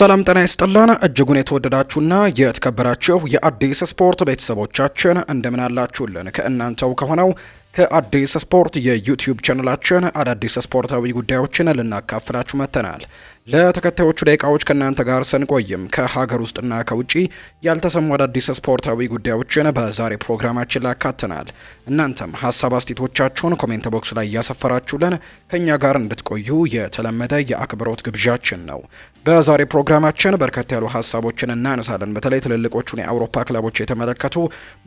ሰላም ጤና ይስጥልን እጅጉን የተወደዳችሁና የተከበራችሁ የአዲስ ስፖርት ቤተሰቦቻችን እንደምን አላችሁልን? ከእናንተው ከሆነው ከአዲስ ስፖርት የዩቲዩብ ቻነላችን አዳዲስ ስፖርታዊ ጉዳዮችን ልናካፍላችሁ መጥተናል። ለተከታዮቹ ደቂቃዎች ከእናንተ ጋር ስንቆይም ከሀገር ውስጥና ከውጪ ያልተሰሙ አዳዲስ ስፖርታዊ ጉዳዮችን በዛሬ ፕሮግራማችን ላይ አካተናል። እናንተም ሀሳብ አስቴቶቻችሁን ኮሜንት ቦክስ ላይ እያሰፈራችሁልን ከእኛ ጋር እንድትቆዩ የተለመደ የአክብሮት ግብዣችን ነው። በዛሬ ፕሮግራማችን በርከት ያሉ ሀሳቦችን እናነሳለን። በተለይ ትልልቆቹን የአውሮፓ ክለቦች የተመለከቱ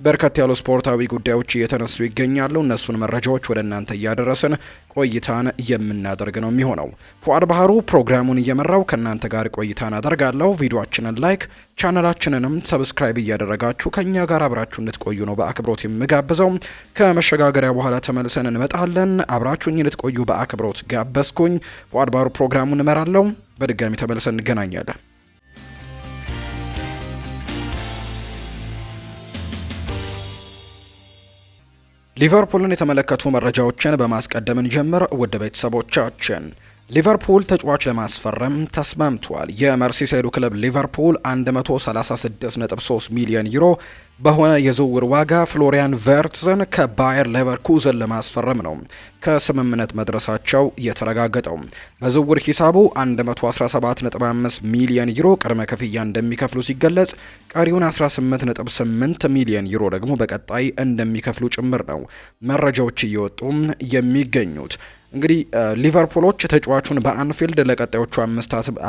በርከት ያሉ ስፖርታዊ ጉዳዮች እየተነሱ ይገኛሉ። እነሱን መረጃዎች ወደ እናንተ እያደረስን ቆይታን የምናደርግ ነው የሚሆነው። ፉአድ ባህሩ ፕሮግራሙን እየመራው ከእናንተ ጋር ቆይታን አደርጋለሁ። ቪዲዮችንን ላይክ ቻናላችንንም ሰብስክራይብ እያደረጋችሁ ከእኛ ጋር አብራችሁ እንድትቆዩ ነው በአክብሮት የምጋብዘው። ከመሸጋገሪያ በኋላ ተመልሰን እንመጣለን። አብራችሁኝ እንድትቆዩ በአክብሮት ጋበዝኩኝ። ፉአድ ባህሩ ፕሮግራሙን እመራለሁ። በድጋሚ ተመልሰን እንገናኛለን። ሊቨርፑልን የተመለከቱ መረጃዎችን በማስቀደምን ጀምር ውድ ቤተሰቦቻችን ሊቨርፑል ተጫዋች ለማስፈረም ተስማምቷል። የመርሲሳይዱ ክለብ ሊቨርፑል 136.3 ሚሊዮን ዩሮ በሆነ የዝውውር ዋጋ ፍሎሪያን ቨርትዘን ከባየር ሌቨርኩዘን ለማስፈረም ነው ከስምምነት መድረሳቸው የተረጋገጠው። በዝውውር ሂሳቡ 117.5 ሚሊዮን ዩሮ ቅድመ ክፍያ እንደሚከፍሉ ሲገለጽ፣ ቀሪውን 18.8 ሚሊዮን ዩሮ ደግሞ በቀጣይ እንደሚከፍሉ ጭምር ነው መረጃዎች እየወጡ የሚገኙት። እንግዲህ ሊቨርፑሎች ተጫዋቹን በአንፊልድ ለቀጣዮቹ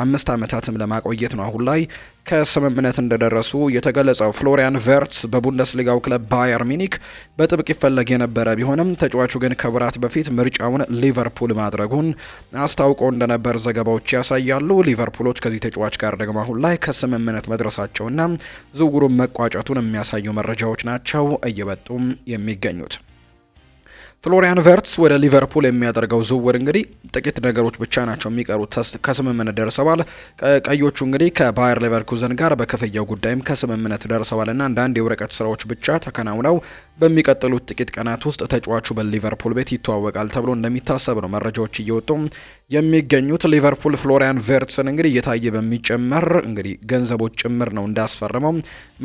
አምስት ዓመታትም ለማቆየት ነው አሁን ላይ ከስምምነት እንደደረሱ የተገለጸው። ፍሎሪያን ቨርትስ በቡንደስሊጋው ክለብ ባየር ሚኒክ በጥብቅ ይፈለግ የነበረ ቢሆንም ተጫዋቹ ግን ከብራት በፊት ምርጫውን ሊቨርፑል ማድረጉን አስታውቆ እንደነበር ዘገባዎች ያሳያሉ። ሊቨርፑሎች ከዚህ ተጫዋች ጋር ደግሞ አሁን ላይ ከስምምነት መድረሳቸውና ዝውውሩን መቋጨቱን የሚያሳዩ መረጃዎች ናቸው እየበጡም የሚገኙት። ፍሎሪያን ቨርትስ ወደ ሊቨርፑል የሚያደርገው ዝውውር እንግዲህ ጥቂት ነገሮች ብቻ ናቸው የሚቀሩት። ከስምምነት ደርሰዋል። ቀዮቹ እንግዲህ ከባየር ሌቨርኩዘን ጋር በክፍያው ጉዳይም ከስምምነት ደርሰዋል እና አንዳንድ የወረቀት ስራዎች ብቻ ተከናውነው በሚቀጥሉት ጥቂት ቀናት ውስጥ ተጫዋቹ በሊቨርፑል ቤት ይተዋወቃል ተብሎ እንደሚታሰብ ነው መረጃዎች እየወጡ የሚገኙት ሊቨርፑል ፍሎሪያን ቨርትስን እንግዲህ እየታየ በሚጨመር እንግዲህ ገንዘቦች ጭምር ነው እንዳስፈረመው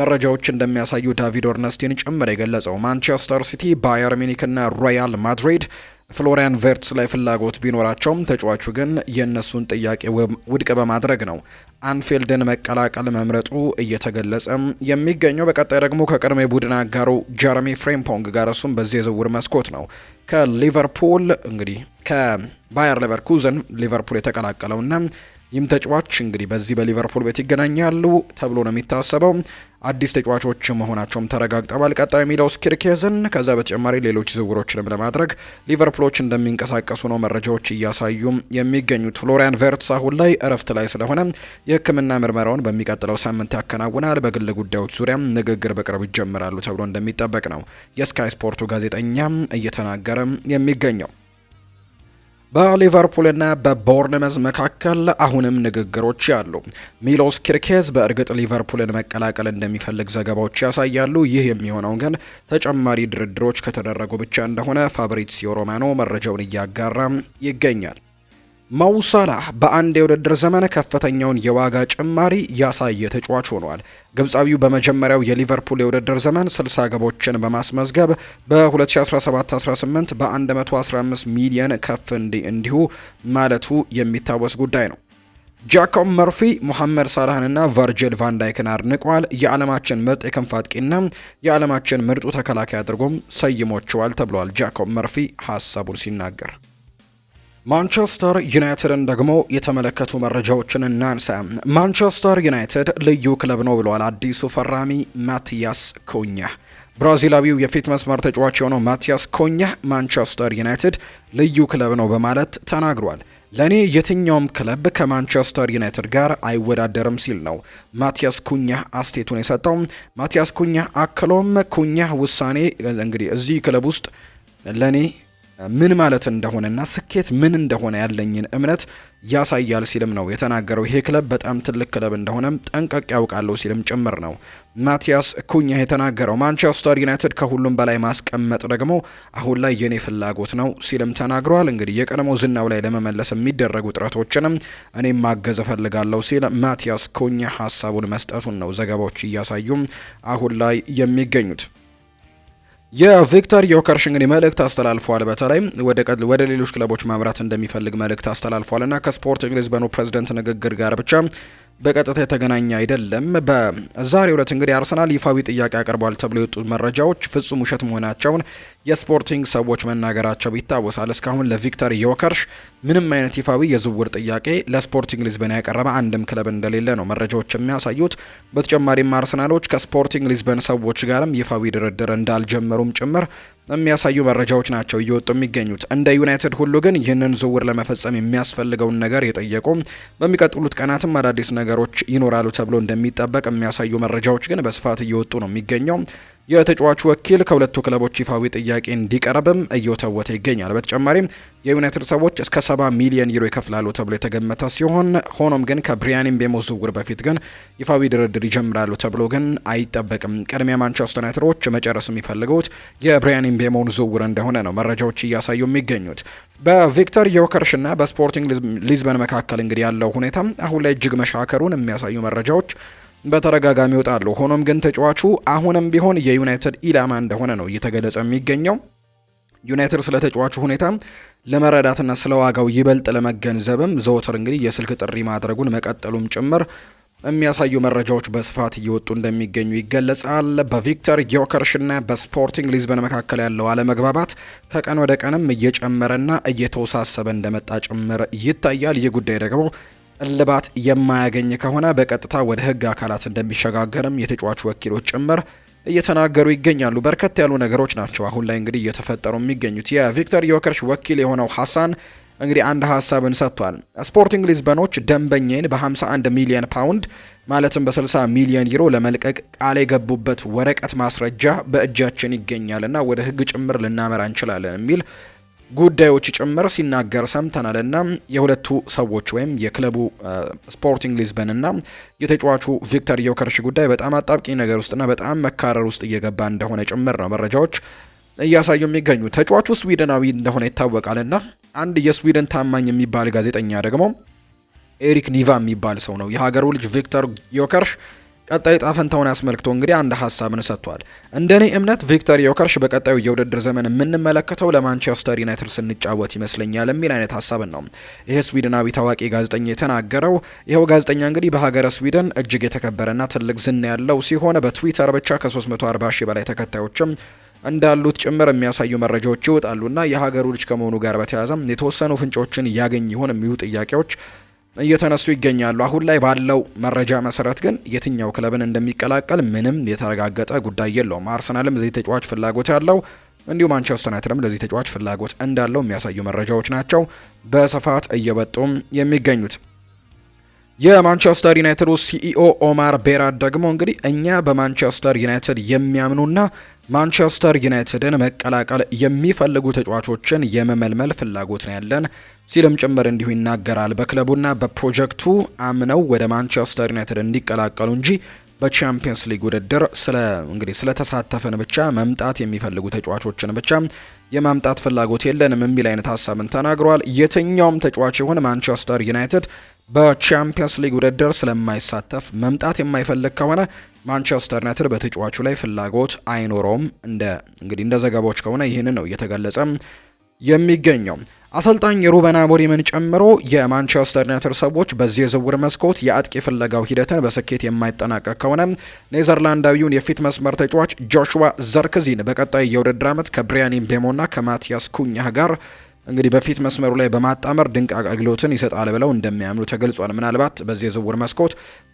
መረጃዎች እንደሚያሳዩ ዳቪድ ኦርነስቲን ጭምር የገለጸው። ማንቸስተር ሲቲ፣ ባየር ሚኒክ እና ሮያል ማድሪድ ፍሎሪያን ቨርትስ ላይ ፍላጎት ቢኖራቸውም ተጫዋቹ ግን የእነሱን ጥያቄ ውድቅ በማድረግ ነው አንፊልድን መቀላቀል መምረጡ እየተገለጸ የሚገኘው። በቀጣይ ደግሞ ከቀድሞ የቡድን አጋሩ ጀረሚ ፍሬምፖንግ ጋር እሱም በዚህ የዝውውር መስኮት ነው ከሊቨርፑል እንግዲህ ከባየር ሌቨርኩዘን ሊቨርፑል የተቀላቀለውና ይህም ተጫዋች እንግዲህ በዚህ በሊቨርፑል ቤት ይገናኛሉ ተብሎ ነው የሚታሰበው። አዲስ ተጫዋቾች መሆናቸውም ተረጋግጠዋል። ቀጣዩ ሚሎስ ኪርኬዝን ከዛ በተጨማሪ ሌሎች ዝውውሮችንም ለማድረግ ሊቨርፑሎች እንደሚንቀሳቀሱ ነው መረጃዎች እያሳዩም የሚገኙት። ፍሎሪያን ቨርትስ አሁን ላይ እረፍት ላይ ስለሆነ የሕክምና ምርመራውን በሚቀጥለው ሳምንት ያከናውናል። በግል ጉዳዮች ዙሪያም ንግግር በቅርብ ይጀምራሉ ተብሎ እንደሚጠበቅ ነው የስካይ ስፖርቱ ጋዜጠኛ እየተናገረ የሚገኘው። በሊቨርፑልና በቦርንመዝ መካከል አሁንም ንግግሮች አሉ። ሚሎስ ኪርኬዝ በእርግጥ ሊቨርፑልን መቀላቀል እንደሚፈልግ ዘገባዎች ያሳያሉ። ይህ የሚሆነው ግን ተጨማሪ ድርድሮች ከተደረጉ ብቻ እንደሆነ ፋብሪዚዮ ሮማኖ መረጃውን እያጋራ ይገኛል። መውሰላህ በአንድ የውድድር ዘመን ከፍተኛውን የዋጋ ጭማሪ ያሳየ ተጫዋች ሆኗል። ግብፃዊው በመጀመሪያው የሊቨርፑል የውድድር ዘመን 60 ግቦችን በማስመዝገብ በ2017-18 በ115 ሚሊየን ከፍ እንዲሁ ማለቱ የሚታወስ ጉዳይ ነው። ጃኮብ መርፊ ሙሐመድ ሳላህንና ቨርጅል ቫንዳይክን አድንቋል። የዓለማችን ምርጥ የክንፍ አጥቂና የዓለማችን ምርጡ ተከላካይ አድርጎም ሰይሞችዋል ተብሏል። ጃኮብ መርፊ ሀሳቡን ሲናገር ማንቸስተር ዩናይትድን ደግሞ የተመለከቱ መረጃዎችን እናንሳ። ማንቸስተር ዩናይትድ ልዩ ክለብ ነው ብሏል አዲሱ ፈራሚ ማቲያስ ኩኛ። ብራዚላዊው የፊት መስመር ተጫዋች የሆነው ማቲያስ ኩኛ ማንቸስተር ዩናይትድ ልዩ ክለብ ነው በማለት ተናግሯል። ለእኔ የትኛውም ክለብ ከማንቸስተር ዩናይትድ ጋር አይወዳደርም ሲል ነው ማቲያስ ኩኛህ አስቴቱን የሰጠው። ማቲያስ ኩኛህ አክሎም ኩኛ ውሳኔ እንግዲህ እዚህ ክለብ ውስጥ ለእኔ ምን ማለት እንደሆነና ስኬት ምን እንደሆነ ያለኝን እምነት ያሳያል ሲልም ነው የተናገረው። ይሄ ክለብ በጣም ትልቅ ክለብ እንደሆነም ጠንቀቅ ያውቃለሁ ሲልም ጭምር ነው ማቲያስ ኩኛ የተናገረው። ማንቸስተር ዩናይትድ ከሁሉም በላይ ማስቀመጥ ደግሞ አሁን ላይ የኔ ፍላጎት ነው ሲልም ተናግረዋል። እንግዲህ የቀድሞ ዝናው ላይ ለመመለስ የሚደረጉ ጥረቶችንም እኔም ማገዝ እፈልጋለሁ ሲል ማቲያስ ኩኛ ሀሳቡን መስጠቱን ነው ዘገባዎች እያሳዩም አሁን ላይ የሚገኙት። የቪክተር ዮከርሽንግን መልእክት አስተላልፏል። በተለይ ወደ ሌሎች ክለቦች ማምራት እንደሚፈልግ መልእክት አስተላልፏል እና እንግሊዝ በኑ ፕሬዚደንት ንግግር ጋር ብቻ በቀጥታ የተገናኘ አይደለም። በዛሬው ዕለት እንግዲህ አርሰናል ይፋዊ ጥያቄ አቅርቧል ተብሎ የወጡ መረጃዎች ፍጹም ውሸት መሆናቸውን የስፖርቲንግ ሰዎች መናገራቸው ይታወሳል። እስካሁን ለቪክተር ዮከርሽ ምንም አይነት ይፋዊ የዝውውር ጥያቄ ለስፖርቲንግ ሊዝበን ያቀረበ አንድም ክለብ እንደሌለ ነው መረጃዎች የሚያሳዩት። በተጨማሪም አርሰናሎች ከስፖርቲንግ ሊዝበን ሰዎች ጋርም ይፋዊ ድርድር እንዳልጀመሩም ጭምር የሚያሳዩ መረጃዎች ናቸው እየወጡ የሚገኙት። እንደ ዩናይትድ ሁሉ ግን ይህንን ዝውውር ለመፈጸም የሚያስፈልገውን ነገር የጠየቁ በሚቀጥሉት ቀናትም አዳዲስ ነገሮች ይኖራሉ ተብሎ እንደሚጠበቅ የሚያሳዩ መረጃዎች ግን በስፋት እየወጡ ነው የሚገኘው። የተጫዋቹ ወኪል ከሁለቱ ክለቦች ይፋዊ ጥያቄ እንዲቀርብም እየወተወተ ይገኛል። በተጨማሪም የዩናይትድ ሰዎች እስከ 70 ሚሊዮን ዩሮ ይከፍላሉ ተብሎ የተገመተ ሲሆን ሆኖም ግን ከብሪያን ምቤሞ ዝውውር በፊት ግን ይፋዊ ድርድር ይጀምራሉ ተብሎ ግን አይጠበቅም። ቅድሚያ ማንቸስተር ዩናይትዶች መጨረስ የሚፈልጉት የብሪያን ምቤሞን ዝውውር እንደሆነ ነው መረጃዎች እያሳዩ የሚገኙት። በቪክተር ዮከርሽ እና በስፖርቲንግ ሊዝበን መካከል እንግዲህ ያለው ሁኔታ አሁን ላይ እጅግ መሻከሩን የሚያሳዩ መረጃዎች በተደጋጋሚ ይወጣሉ። ሆኖም ግን ተጫዋቹ አሁንም ቢሆን የዩናይትድ ኢላማ እንደሆነ ነው እየተገለጸ የሚገኘው። ዩናይትድ ስለ ተጫዋቹ ሁኔታ ለመረዳትና ስለ ዋጋው ይበልጥ ለመገንዘብም ዘወትር እንግዲህ የስልክ ጥሪ ማድረጉን መቀጠሉም ጭምር የሚያሳዩ መረጃዎች በስፋት እየወጡ እንደሚገኙ ይገለጻል። በቪክተር ዮከርሽና በስፖርቲንግ ሊዝበን መካከል ያለው አለመግባባት ከቀን ወደ ቀንም እየጨመረና እየተወሳሰበ እንደመጣ ጭምር ይታያል። ይህ ጉዳይ ደግሞ እልባት የማያገኝ ከሆነ በቀጥታ ወደ ህግ አካላት እንደሚሸጋገርም የተጫዋቹ ወኪሎች ጭምር እየተናገሩ ይገኛሉ። በርከት ያሉ ነገሮች ናቸው አሁን ላይ እንግዲህ እየተፈጠሩ የሚገኙት። የቪክተር ዮከርሽ ወኪል የሆነው ሐሳን እንግዲህ አንድ ሀሳብን ሰጥቷል። ስፖርቲንግ ሊዝበኖች ደንበኛን በ51 ሚሊዮን ፓውንድ ማለትም በ60 ሚሊዮን ዩሮ ለመልቀቅ ቃል የገቡበት ወረቀት ማስረጃ በእጃችን ይገኛል እና ወደ ህግ ጭምር ልናመራ እንችላለን የሚል ጉዳዮች ጭምር ሲናገር ሰምተናል እና የሁለቱ ሰዎች ወይም የክለቡ ስፖርቲንግ ሊዝበን እና የተጫዋቹ ቪክተር ዮከርሽ ጉዳይ በጣም አጣብቂ ነገር ውስጥና በጣም መካረር ውስጥ እየገባ እንደሆነ ጭምር ነው መረጃዎች እያሳዩ የሚገኙ። ተጫዋቹ ስዊድናዊ እንደሆነ ይታወቃል እና አንድ የስዊድን ታማኝ የሚባል ጋዜጠኛ ደግሞ ኤሪክ ኒቫ የሚባል ሰው ነው የሀገሩ ልጅ ቪክተር ዮከርሽ ቀጣይ ጣፈንታውን አስመልክቶ እንግዲህ አንድ ሀሳብን ሰጥቷል። እንደኔ እምነት ቪክተር ዮከርሽ በቀጣዩ የውድድር ዘመን የምንመለከተው ለማንቸስተር ዩናይትድ ስንጫወት ይመስለኛል የሚል አይነት ሀሳብን ነው ይሄ ስዊድናዊ ታዋቂ ጋዜጠኛ የተናገረው። ይኸው ጋዜጠኛ እንግዲህ በሀገረ ስዊድን እጅግ የተከበረና ትልቅ ዝና ያለው ሲሆን በትዊተር ብቻ ከ340 ሺህ በላይ ተከታዮችም እንዳሉት ጭምር የሚያሳዩ መረጃዎች ይወጣሉና የሀገሩ ልጅ ከመሆኑ ጋር በተያያዘ የተወሰኑ ፍንጮችን ያገኝ ይሆን የሚሉ ጥያቄዎች እየተነሱ ይገኛሉ። አሁን ላይ ባለው መረጃ መሰረት ግን የትኛው ክለብን እንደሚቀላቀል ምንም የተረጋገጠ ጉዳይ የለውም። አርሰናልም ለዚህ ተጫዋች ፍላጎት ያለው እንዲሁም ማንቸስተር ዩናይትድም ለዚህ ተጫዋች ፍላጎት እንዳለው የሚያሳዩ መረጃዎች ናቸው በስፋት እየወጡም የሚገኙት። የማንቸስተር ዩናይትድ ሲኢኦ ኦማር ቤራድ ደግሞ እንግዲህ እኛ በማንቸስተር ዩናይትድ የሚያምኑና ማንቸስተር ዩናይትድን መቀላቀል የሚፈልጉ ተጫዋቾችን የመመልመል ፍላጎት ነው ያለን ሲልም ጭምር እንዲሁ ይናገራል። በክለቡና በፕሮጀክቱ አምነው ወደ ማንቸስተር ዩናይትድ እንዲቀላቀሉ እንጂ በቻምፒየንስ ሊግ ውድድር ስለ እንግዲህ ስለተሳተፍን ብቻ መምጣት የሚፈልጉ ተጫዋቾችን ብቻ የማምጣት ፍላጎት የለንም የሚል አይነት ሀሳብን ተናግሯል። የትኛውም ተጫዋች ይሁን ማንቸስተር ዩናይትድ በቻምፒየንስ ሊግ ውድድር ስለማይሳተፍ መምጣት የማይፈልግ ከሆነ ማንቸስተር ዩናይትድ በተጫዋቹ ላይ ፍላጎት አይኖረውም። እንደ እንግዲህ እንደ ዘገባዎች ከሆነ ይህንን ነው እየተገለጸ የሚገኘው። አሰልጣኝ ሩበን አሞሪምን ጨምሮ የማንቸስተር ዩናይትድ ሰዎች በዚህ የዝውውር መስኮት የአጥቂ ፍለጋው ሂደትን በስኬት የማይጠናቀቅ ከሆነ ኔዘርላንዳዊውን የፊት መስመር ተጫዋች ጆሹዋ ዘርክዚን በቀጣይ የውድድር ዓመት ከብሪያን ምቤሞና ከማቲያስ ኩኛህ ጋር እንግዲህ በፊት መስመሩ ላይ በማጣመር ድንቅ አገልግሎትን ይሰጣል ብለው እንደሚያምኑ ተገልጿል። ምናልባት በዚህ የዝውውር መስኮት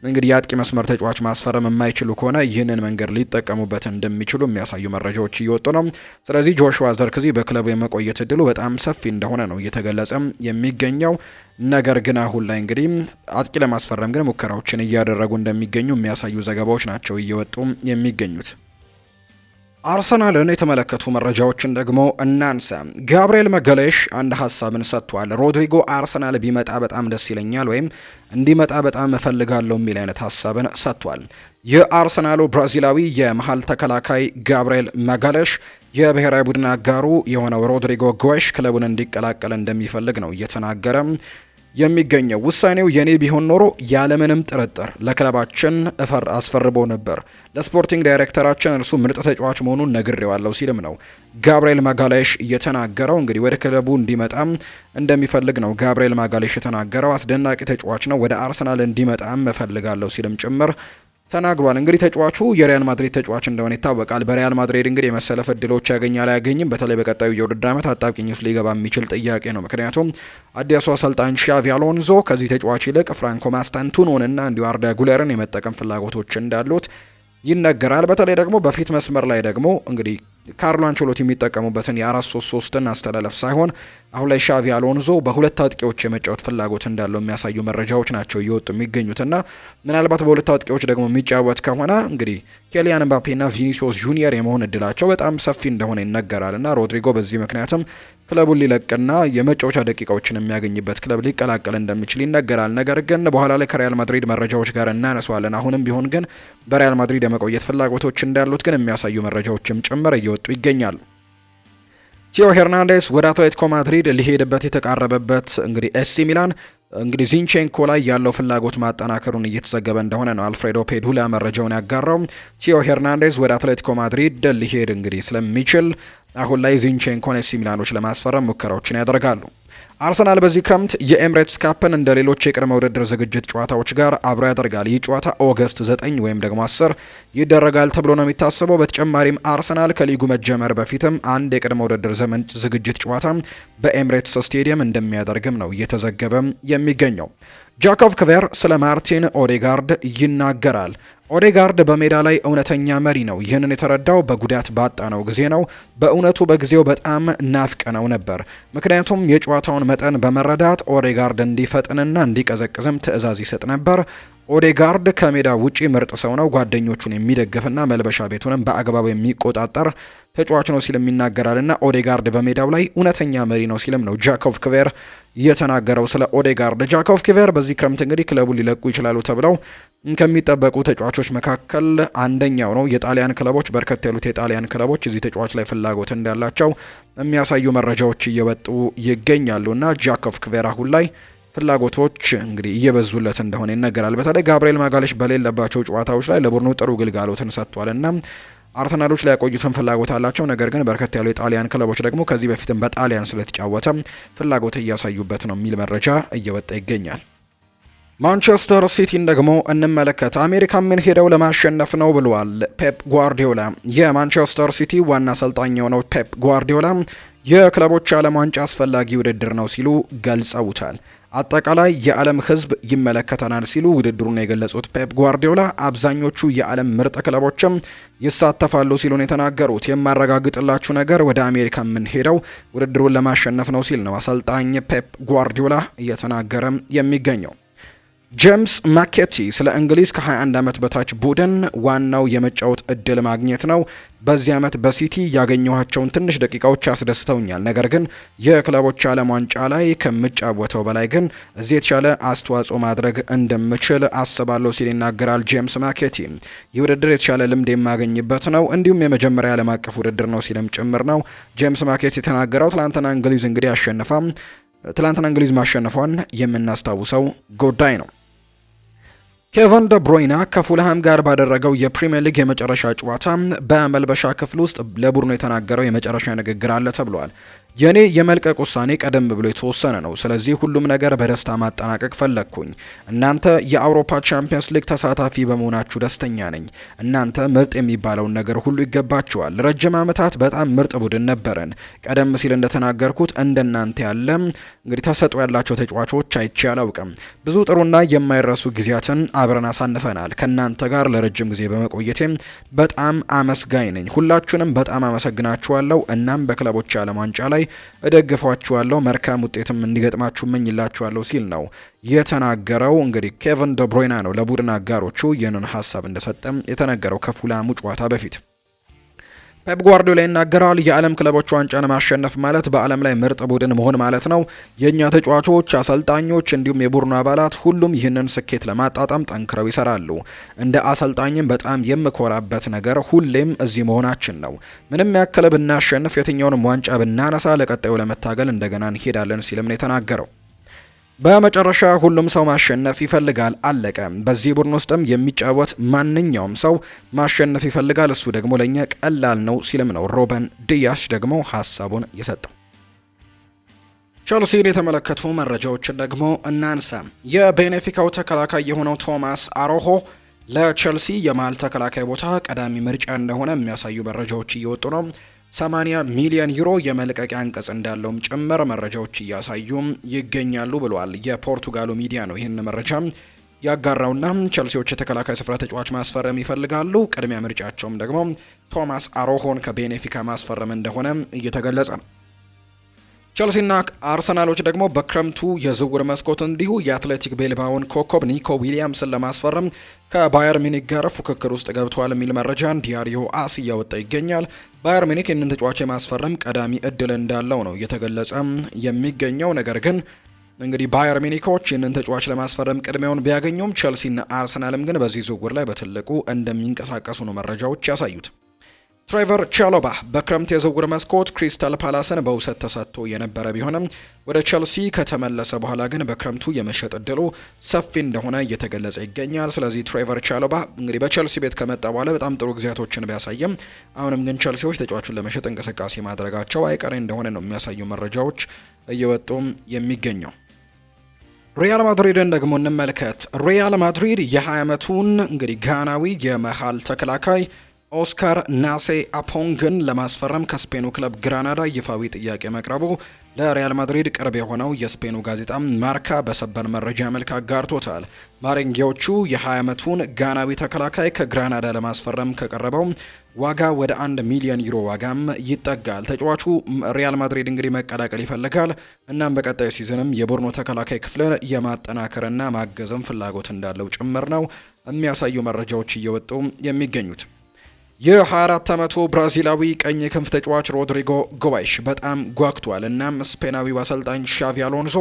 እንግዲህ የአጥቂ መስመር ተጫዋች ማስፈረም የማይችሉ ከሆነ ይህንን መንገድ ሊጠቀሙበት እንደሚችሉ የሚያሳዩ መረጃዎች እየወጡ ነው። ስለዚህ ጆሹዋ ዘርክዚ በክለቡ የመቆየት እድሉ በጣም ሰፊ እንደሆነ ነው እየተገለጸ የሚገኘው። ነገር ግን አሁን ላይ እንግዲህ አጥቂ ለማስፈረም ግን ሙከራዎችን እያደረጉ እንደሚገኙ የሚያሳዩ ዘገባዎች ናቸው እየወጡ የሚገኙት። አርሰናልን የተመለከቱ መረጃዎችን ደግሞ እናንሳ። ጋብርኤል መገለሽ አንድ ሀሳብን ሰጥቷል። ሮድሪጎ አርሰናል ቢመጣ በጣም ደስ ይለኛል ወይም እንዲመጣ በጣም እፈልጋለሁ የሚል አይነት ሀሳብን ሰጥቷል። የአርሰናሉ ብራዚላዊ የመሀል ተከላካይ ጋብርኤል መገለሽ የብሔራዊ ቡድን አጋሩ የሆነው ሮድሪጎ ጎሽ ክለቡን እንዲቀላቀል እንደሚፈልግ ነው እየተናገረ የሚገኘው። ውሳኔው የኔ ቢሆን ኖሮ ያለምንም ጥርጥር ለክለባችን እፈር አስፈርቦ ነበር። ለስፖርቲንግ ዳይሬክተራችን እርሱ ምርጥ ተጫዋች መሆኑን ነግሬዋለሁ ሲልም ነው ጋብርኤል ማጋሌሽ እየተናገረው። እንግዲህ ወደ ክለቡ እንዲመጣም እንደሚፈልግ ነው ጋብርኤል ማጋሌሽ የተናገረው። አስደናቂ ተጫዋች ነው፣ ወደ አርሰናል እንዲመጣም እፈልጋለሁ ሲልም ጭምር ተናግሯል። እንግዲህ ተጫዋቹ የሪያል ማድሪድ ተጫዋች እንደሆነ ይታወቃል። በሪያል ማድሪድ እንግዲህ የመሰለፍ እድሎች ያገኛል አያገኝም፣ በተለይ በቀጣዩ የውድድር ዓመት አጣብቂኝ ውስጥ ሊገባ የሚችል ጥያቄ ነው። ምክንያቱም አዲሱ አሰልጣኝ ሻቪ አሎንዞ ከዚህ ተጫዋች ይልቅ ፍራንኮ ማስታንቱኖንና እንዲሁ አርዳ ጉለርን የመጠቀም ፍላጎቶች እንዳሉት ይነገራል። በተለይ ደግሞ በፊት መስመር ላይ ደግሞ እንግዲህ ካርሎ አንቸሎቲ የሚጠቀሙበትን የአራት ሶስት ሶስትን አስተላለፍ ሳይሆን አሁን ላይ ሻቪ አሎንዞ በሁለት አጥቂዎች የመጫወት ፍላጎት እንዳለው የሚያሳዩ መረጃዎች ናቸው እየወጡ የሚገኙትና ምናልባት በሁለት አጥቂዎች ደግሞ የሚጫወት ከሆነ እንግዲህ ኬሊያን ምባፔና ቪኒሲዮስ ጁኒየር የመሆን እድላቸው በጣም ሰፊ እንደሆነ ይነገራልና ሮድሪጎ በዚህ ምክንያትም ክለቡን ሊለቅና የመጫወቻ ደቂቃዎችን የሚያገኝበት ክለብ ሊቀላቀል እንደሚችል ይነገራል። ነገር ግን በኋላ ላይ ከሪያል ማድሪድ መረጃዎች ጋር እናነሷለን። አሁንም ቢሆን ግን በሪያል ማድሪድ የመቆየት ፍላጎቶች እንዳሉት ግን የሚያሳዩ መረጃዎችም ጭምር እየወ እየወጡ ይገኛሉ። ቲዮ ሄርናንዴስ ወደ አትሌቲኮ ማድሪድ ሊሄድበት የተቃረበበት እንግዲህ ኤሲ ሚላን እንግዲህ ዚንቼንኮ ላይ ያለው ፍላጎት ማጠናከሩን እየተዘገበ እንደሆነ ነው አልፍሬዶ ፔዱላ መረጃውን ያጋራው። ቲዮ ሄርናንዴዝ ወደ አትሌቲኮ ማድሪድ ሊሄድ እንግዲህ ስለሚችል አሁን ላይ ዚንቼንኮን ኤሲ ሚላኖች ለማስፈረም ሙከራዎችን ያደርጋሉ። አርሰናል በዚህ ክረምት የኤምሬትስ ካፕን እንደ ሌሎች የቅድመ ውድድር ዝግጅት ጨዋታዎች ጋር አብሮ ያደርጋል። ይህ ጨዋታ ኦገስት 9 ወይም ደግሞ 10 ይደረጋል ተብሎ ነው የሚታሰበው። በተጨማሪም አርሰናል ከሊጉ መጀመር በፊትም አንድ የቅድመ ውድድር ዘመን ዝግጅት ጨዋታ በኤምሬትስ ስቴዲየም እንደሚያደርግም ነው እየተዘገበም የሚገኘው። ጃኮቭ ክቬር ስለ ማርቲን ኦዴጋርድ ይናገራል። ኦዴጋርድ በሜዳ ላይ እውነተኛ መሪ ነው። ይህንን የተረዳው በጉዳት ባጣነው ጊዜ ነው። በእውነቱ በጊዜው በጣም ናፍቀነው ነበር፣ ምክንያቱም የጨዋታውን መጠን በመረዳት ኦዴጋርድ እንዲፈጥንና እንዲቀዘቅዝም ትዕዛዝ ይሰጥ ነበር። ኦዴጋርድ ከሜዳ ውጪ ምርጥ ሰው ነው፣ ጓደኞቹን የሚደግፍና መልበሻ ቤቱንም በአግባቡ የሚቆጣጠር ተጫዋች ነው ሲልም ይናገራልና ኦዴጋርድ በሜዳው ላይ እውነተኛ መሪ ነው ሲልም ነው ጃኮቭ ክቬር የተናገረው ስለ ኦዴጋርድ። ጃኮቭ ክቬር በዚህ ክረምት እንግዲህ ክለቡ ሊለቁ ይችላሉ ተብለው ከሚጠበቁ ተጫዋቾች መካከል አንደኛው ነው። የጣሊያን ክለቦች በርከት ያሉት የጣሊያን ክለቦች እዚህ ተጫዋች ላይ ፍላጎት እንዳላቸው የሚያሳዩ መረጃዎች እየወጡ ይገኛሉና ጃኮቭ ክቬር አሁን ላይ ፍላጎቶች እንግዲህ እየበዙለት እንደሆነ ይነገራል። በተለይ ጋብርኤል ማጋለሽ በሌለባቸው ጨዋታዎች ላይ ለቡድኑ ጥሩ ግልጋሎትን ሰጥቷል እና አርሰናሎች ሊያቆዩትን ፍላጎት አላቸው። ነገር ግን በርከት ያሉ የጣሊያን ክለቦች ደግሞ ከዚህ በፊትም በጣሊያን ስለተጫወተ ፍላጎት እያሳዩበት ነው የሚል መረጃ እየወጣ ይገኛል። ማንቸስተር ሲቲን ደግሞ እንመለከት። አሜሪካ ምን ሄደው ለማሸነፍ ነው ብለዋል ፔፕ ጓርዲዮላ። የማንቸስተር ሲቲ ዋና አሰልጣኝ የሆነው ፔፕ ጓርዲዮላ የክለቦች ዓለም ዋንጫ አስፈላጊ ውድድር ነው ሲሉ ገልጸውታል። አጠቃላይ የዓለም ሕዝብ ይመለከተናል ሲሉ ውድድሩን የገለጹት ፔፕ ጓርዲዮላ አብዛኞቹ የዓለም ምርጥ ክለቦችም ይሳተፋሉ ሲሉ የተናገሩት። የማረጋግጥላችሁ ነገር ወደ አሜሪካ የምንሄደው ውድድሩን ለማሸነፍ ነው ሲል ነው አሰልጣኝ ፔፕ ጓርዲዮላ እየተናገረም የሚገኘው። ጄምስ ማኬቲ ስለ እንግሊዝ ከ21 ዓመት በታች ቡድን ዋናው የመጫወት እድል ማግኘት ነው። በዚህ ዓመት በሲቲ ያገኘኋቸውን ትንሽ ደቂቃዎች አስደስተውኛል። ነገር ግን የክለቦች ዓለም ዋንጫ ላይ ከምጫወተው በላይ ግን እዚህ የተሻለ አስተዋጽኦ ማድረግ እንደምችል አስባለሁ ሲል ይናገራል ጄምስ ማኬቲ። ይህ ውድድር የተሻለ ልምድ የማገኝበት ነው፣ እንዲሁም የመጀመሪያ ዓለም አቀፍ ውድድር ነው ሲልም ጭምር ነው ጄምስ ማኬቲ የተናገረው። ትላንትና እንግሊዝ እንግዲህ አሸንፋም ትላንትና እንግሊዝ ማሸነፏን የምናስታውሰው ጉዳይ ነው። ኬቨን ደብሮይና ከፉልሃም ጋር ባደረገው የፕሪምየር ሊግ የመጨረሻ ጨዋታ በመልበሻ ክፍል ውስጥ ለቡድኑ የተናገረው የመጨረሻ ንግግር አለ ተብሏል። የኔ የመልቀቅ ውሳኔ ቀደም ብሎ የተወሰነ ነው። ስለዚህ ሁሉም ነገር በደስታ ማጠናቀቅ ፈለግኩኝ። እናንተ የአውሮፓ ቻምፒየንስ ሊግ ተሳታፊ በመሆናችሁ ደስተኛ ነኝ። እናንተ ምርጥ የሚባለውን ነገር ሁሉ ይገባችኋል። ረጅም ዓመታት በጣም ምርጥ ቡድን ነበረን። ቀደም ሲል እንደተናገርኩት እንደናንተ ያለ እንግዲህ ተሰጥኦ ያላቸው ተጫዋቾች አይቼ አላውቅም። ብዙ ጥሩና የማይረሱ ጊዜያትን አብረን አሳንፈናል። ከእናንተ ጋር ለረጅም ጊዜ በመቆየቴ በጣም አመስጋኝ ነኝ። ሁላችሁንም በጣም አመሰግናችኋለሁ። እናም በክለቦች ዓለም ዋንጫ ላይ እደግፏችኋለሁ፣ መልካም ውጤትም እንዲገጥማችሁ እመኝላችኋለሁ ሲል ነው የተናገረው። እንግዲህ ኬቨን ደብሮይና ነው ለቡድን አጋሮቹ ይህንን ሀሳብ እንደሰጠም የተነገረው ከፉላሙ ጨዋታ በፊት ፔፕ ጓርዲዮላ ይናገራል። የዓለም ክለቦች ዋንጫን ማሸነፍ ማለት በዓለም ላይ ምርጥ ቡድን መሆን ማለት ነው። የእኛ ተጫዋቾች፣ አሰልጣኞች እንዲሁም የቡድኑ አባላት ሁሉም ይህንን ስኬት ለማጣጣም ጠንክረው ይሰራሉ። እንደ አሰልጣኝም በጣም የምኮራበት ነገር ሁሌም እዚህ መሆናችን ነው። ምንም ያክል ብናሸንፍ፣ የትኛውንም ዋንጫ ብናነሳ፣ ለቀጣዩ ለመታገል እንደገና እንሄዳለን ሲልም ነው የተናገረው። በመጨረሻ ሁሉም ሰው ማሸነፍ ይፈልጋል። አለቀ። በዚህ ቡድን ውስጥም የሚጫወት ማንኛውም ሰው ማሸነፍ ይፈልጋል። እሱ ደግሞ ለእኛ ቀላል ነው ሲልም ነው ሮበን ድያስ ደግሞ ሀሳቡን የሰጠው። ቸልሲን የተመለከቱ መረጃዎችን ደግሞ እናንሳ። የቤኔፊካው ተከላካይ የሆነው ቶማስ አሮሆ ለቸልሲ የመሀል ተከላካይ ቦታ ቀዳሚ ምርጫ እንደሆነ የሚያሳዩ መረጃዎች እየወጡ ነው። 80 ሚሊዮን ዩሮ የመልቀቂያ አንቀጽ እንዳለውም ጭምር መረጃዎች እያሳዩ ይገኛሉ ብሏል። የፖርቱጋሉ ሚዲያ ነው ይህን መረጃ ያጋራውና ቸልሲዎች የተከላካይ ስፍራ ተጫዋች ማስፈረም ይፈልጋሉ። ቅድሚያ ምርጫቸውም ደግሞ ቶማስ አሮሆን ከቤኔፊካ ማስፈረም እንደሆነ እየተገለጸ ነው። ቸልሲና አርሰናሎች ደግሞ በክረምቱ የዝውውር መስኮት እንዲሁ የአትሌቲክ ቤልባውን ኮከብ ኒኮ ዊሊያምስን ለማስፈረም ከባየር ሚኒክ ጋር ፉክክር ውስጥ ገብተዋል የሚል መረጃን ዲያሪዮ አስ እያወጣ ይገኛል። ባየር ሚኒክ ይህንን ተጫዋች የማስፈረም ቀዳሚ እድል እንዳለው ነው እየተገለጸ የሚገኘው። ነገር ግን እንግዲህ ባየር ሚኒኮች ይህንን ተጫዋች ለማስፈረም ቅድሚያውን ቢያገኙም ቸልሲና አርሰናልም ግን በዚህ ዝውውር ላይ በትልቁ እንደሚንቀሳቀሱ ነው መረጃዎች ያሳዩት። ትሬቨር ቻሎባህ በክረምት የዝውውር መስኮት ክሪስታል ፓላስን በውሰት ተሰጥቶ የነበረ ቢሆንም ወደ ቸልሲ ከተመለሰ በኋላ ግን በክረምቱ የመሸጥ እድሉ ሰፊ እንደሆነ እየተገለጸ ይገኛል። ስለዚህ ትሬቨር ቻሎባ እንግዲህ በቸልሲ ቤት ከመጣ በኋላ በጣም ጥሩ ጊዜያቶችን ቢያሳይም አሁንም ግን ቸልሲዎች ተጫዋቹን ለመሸጥ እንቅስቃሴ ማድረጋቸው አይቀሬ እንደሆነ ነው የሚያሳዩ መረጃዎች እየወጡም የሚገኘው። ሪያል ማድሪድን ደግሞ እንመልከት። ሪያል ማድሪድ የ20 ዓመቱን እንግዲህ ጋናዊ የመሃል ተከላካይ ኦስካር ናሴ አፖንግን ለማስፈረም ከስፔኑ ክለብ ግራናዳ ይፋዊ ጥያቄ መቅረቡ ለሪያል ማድሪድ ቅርብ የሆነው የስፔኑ ጋዜጣ ማርካ በሰበር መረጃ መልክ አጋርቶታል። ማሬንጌዎቹ የ20 ዓመቱን ጋናዊ ተከላካይ ከግራናዳ ለማስፈረም ከቀረበው ዋጋ ወደ አንድ ሚሊዮን ዩሮ ዋጋም ይጠጋል። ተጫዋቹ ሪያል ማድሪድ እንግዲህ መቀላቀል ይፈልጋል። እናም በቀጣዩ ሲዝንም የቡድኑ ተከላካይ ክፍልን የማጠናከርና ማገዝም ፍላጎት እንዳለው ጭምር ነው የሚያሳዩ መረጃዎች እየወጡ የሚገኙት። የ24 ዓመቱ ብራዚላዊ ቀኝ ክንፍ ተጫዋች ሮድሪጎ ጎባይሽ በጣም ጓግቷል። እናም ስፔናዊው አሰልጣኝ ሻቪ አሎንሶ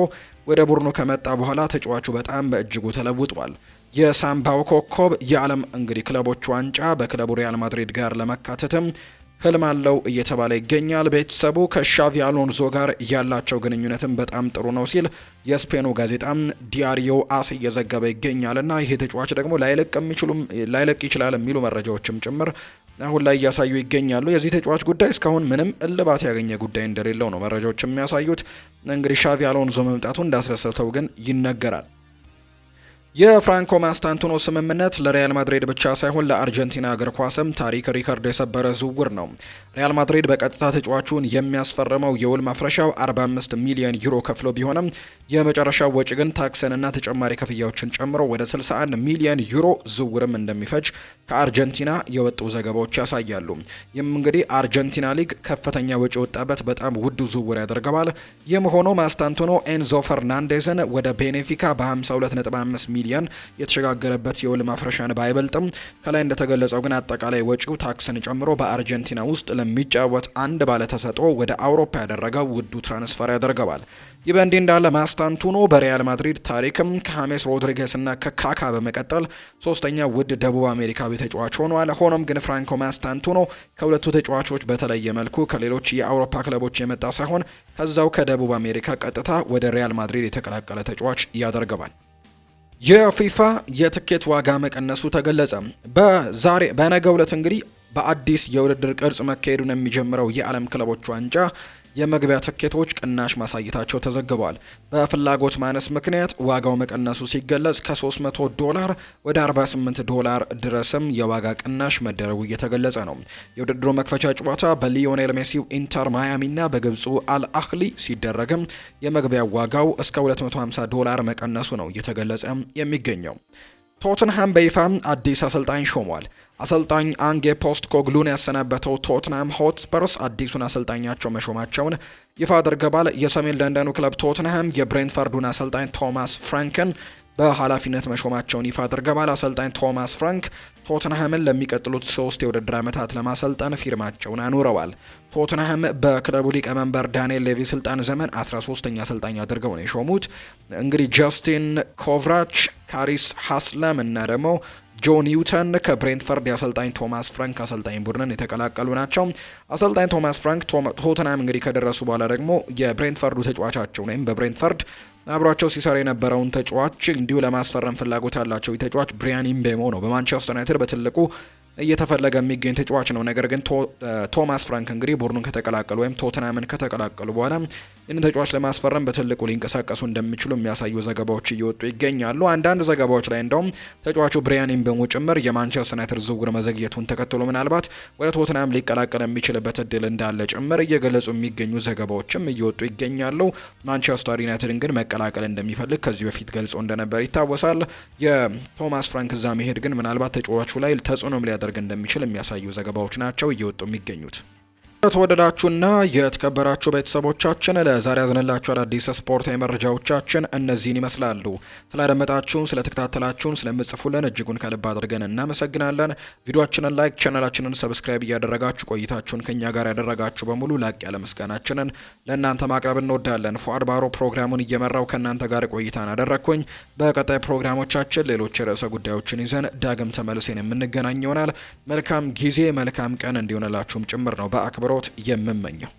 ወደ ቡድኑ ከመጣ በኋላ ተጫዋቹ በጣም በእጅጉ ተለውጧል። የሳምባው ኮከብ የዓለም እንግዲህ ክለቦች ዋንጫ በክለቡ ሪያል ማድሪድ ጋር ለመካተትም ህልም አለው እየተባለ ይገኛል። ቤተሰቡ ከሻቪ አሎንዞ ጋር ያላቸው ግንኙነትም በጣም ጥሩ ነው ሲል የስፔኑ ጋዜጣም ዲያሪዮ አስ እየዘገበ ይገኛል እና ተጫዋች ደግሞ ላይለቅ ይችላል የሚሉ መረጃዎችም ጭምር አሁን ላይ እያሳዩ ይገኛሉ። የዚህ ተጫዋች ጉዳይ እስካሁን ምንም እልባት ያገኘ ጉዳይ እንደሌለው ነው መረጃዎች የሚያሳዩት። እንግዲህ ሻቪ አሎንዞ መምጣቱ እንዳስደሰተው ግን ይነገራል። የፍራንኮ ማስታንቱኖ ስምምነት ለሪያል ማድሪድ ብቻ ሳይሆን ለአርጀንቲና እግር ኳስም ታሪክ ሪከርድ የሰበረ ዝውውር ነው። ሪያል ማድሪድ በቀጥታ ተጫዋቹን የሚያስፈርመው የውል ማፍረሻው 45 ሚሊዮን ዩሮ ከፍሎ ቢሆንም የመጨረሻው ወጪ ግን ታክሰንና ተጨማሪ ክፍያዎችን ጨምሮ ወደ 61 ሚሊዮን ዩሮ ዝውውርም እንደሚፈጅ ከአርጀንቲና የወጡ ዘገባዎች ያሳያሉ። ይህም እንግዲህ አርጀንቲና ሊግ ከፍተኛ ወጪ ወጣበት በጣም ውዱ ዝውውር ያደርገዋል። ይህም ሆኖ ማስታንቶኖ ኤንዞ ፈርናንዴዝን ወደ ቤኔፊካ በ525 ሚሊዮን የተሸጋገረበት የውል ማፍረሻን ባይበልጥም ከላይ እንደተገለጸው ግን አጠቃላይ ወጪው ታክሰን ጨምሮ በአርጀንቲና ውስጥ ለሚጫወት አንድ ባለተሰጥኦ ወደ አውሮፓ ያደረገው ውዱ ትራንስፈር ያደርገዋል። ይህ በእንዲህ እንዳለ ማስታንቱኖ በሪያል ማድሪድ ታሪክም ከሃሜስ ሮድሪጌስ እና ከካካ በመቀጠል ሶስተኛ ውድ ደቡብ አሜሪካዊ ተጫዋች ሆኗል። ሆኖም ግን ፍራንኮ ማስታንቱኖ ከሁለቱ ተጫዋቾች በተለየ መልኩ ከሌሎች የአውሮፓ ክለቦች የመጣ ሳይሆን ከዛው ከደቡብ አሜሪካ ቀጥታ ወደ ሪያል ማድሪድ የተቀላቀለ ተጫዋች ያደርገዋል። የፊፋ የትኬት ዋጋ መቀነሱ ተገለጸ። በዛሬ በነገው ዕለት እንግዲህ በአዲስ የውድድር ቅርጽ መካሄዱን የሚጀምረው የዓለም ክለቦች ዋንጫ የመግቢያ ትኬቶች ቅናሽ ማሳየታቸው ተዘግቧል። በፍላጎት ማነስ ምክንያት ዋጋው መቀነሱ ሲገለጽ ከ300 ዶላር ወደ 48 ዶላር ድረስም የዋጋ ቅናሽ መደረጉ እየተገለጸ ነው። የውድድሩ መክፈቻ ጨዋታ በሊዮኔል ሜሲው ኢንተር ማያሚና በግብፁ አልአህሊ ሲደረግም የመግቢያ ዋጋው እስከ 250 ዶላር መቀነሱ ነው እየተገለጸ የሚገኘው። ቶትንሃም በይፋም አዲስ አሰልጣኝ ሾሟል። አሰልጣኝ አንጌ ፖስት ኮግሉን ያሰናበተው ቶትንሃም ሆትስፐርስ አዲሱን አሰልጣኛቸው መሾማቸውን ይፋ አድርገዋል። የሰሜን ለንደኑ ክለብ ቶትንሃም የብሬንትፈርዱን አሰልጣኝ ቶማስ ፍራንክን በኃላፊነት መሾማቸውን ይፋ አድርገዋል። አሰልጣኝ ቶማስ ፍራንክ ቶትንሃምን ለሚቀጥሉት ሶስት የውድድር ዓመታት ለማሰልጠን ፊርማቸውን አኑረዋል። ቶትንሃም በክለቡ ሊቀመንበር ዳንኤል ሌቪ ስልጣን ዘመን 13ኛ አሰልጣኝ አድርገው ነው የሾሙት። እንግዲህ ጀስቲን ኮቭራች፣ ካሪስ ሀስላም እና ደግሞ ጆ ኒውተን ከብሬንትፈርድ የአሰልጣኝ ቶማስ ፍራንክ አሰልጣኝ ቡድንን የተቀላቀሉ ናቸው። አሰልጣኝ ቶማስ ፍራንክ ቶተናም እንግዲህ ከደረሱ በኋላ ደግሞ የብሬንትፈርዱ ተጫዋቻቸው ወይም በብሬንትፈርድ አብሯቸው ሲሰራ የነበረውን ተጫዋች እንዲሁ ለማስፈረም ፍላጎት ያላቸው ተጫዋች ብሪያን ኢምቤሞ ነው። በማንቸስተር ዩናይትድ በትልቁ እየተፈለገ የሚገኝ ተጫዋች ነው። ነገር ግን ቶማስ ፍራንክ እንግዲህ ቡድኑን ከተቀላቀሉ ወይም ቶትናምን ከተቀላቀሉ በኋላ ይህንን ተጫዋች ለማስፈረም በትልቁ ሊንቀሳቀሱ እንደሚችሉ የሚያሳዩ ዘገባዎች እየወጡ ይገኛሉ። አንዳንድ ዘገባዎች ላይ እንደውም ተጫዋቹ ብሪያን ምቤሞ ጭምር የማንቸስተር ዩናይትድ ዝውውር መዘግየቱን ተከትሎ ምናልባት ወደ ቶትናም ሊቀላቀል የሚችልበት እድል እንዳለ ጭምር እየገለጹ የሚገኙ ዘገባዎችም እየወጡ ይገኛሉ። ማንቸስተር ዩናይትድን ግን መቀላቀል እንደሚፈልግ ከዚህ በፊት ገልጾ እንደነበር ይታወሳል። የቶማስ ፍራንክ እዛ መሄድ ግን ምናልባት ተጫዋቹ ላይ ተጽዕኖም ሊያደ ሊያደርግ እንደሚችል የሚያሳዩ ዘገባዎች ናቸው እየወጡ የሚገኙት። የተወደዳችሁና የተከበራችሁ ቤተሰቦቻችን ለዛሬ ያዝንላችሁ አዳዲስ ስፖርታዊ መረጃዎቻችን እነዚህን ይመስላሉ። ስላደመጣችሁን፣ ስለተከታተላችሁን፣ ስለምጽፉልን እጅጉን ከልብ አድርገን እናመሰግናለን። ቪዲዮችንን ላይክ፣ ቻናላችንን ሰብስክራይብ እያደረጋችሁ ቆይታችሁን ከኛ ጋር ያደረጋችሁ በሙሉ ላቅ ያለ ምስጋናችንን ለእናንተ ማቅረብ እንወዳለን። ፏድ ባሮ ፕሮግራሙን እየመራው ከእናንተ ጋር ቆይታን አደረግኩኝ። በቀጣይ ፕሮግራሞቻችን ሌሎች የርዕሰ ጉዳዮችን ይዘን ዳግም ተመልሴን የምንገናኝ ይሆናል። መልካም ጊዜ፣ መልካም ቀን እንዲሆንላችሁም ጭምር ነው በአክብሮ አክብሮት የምመኘው።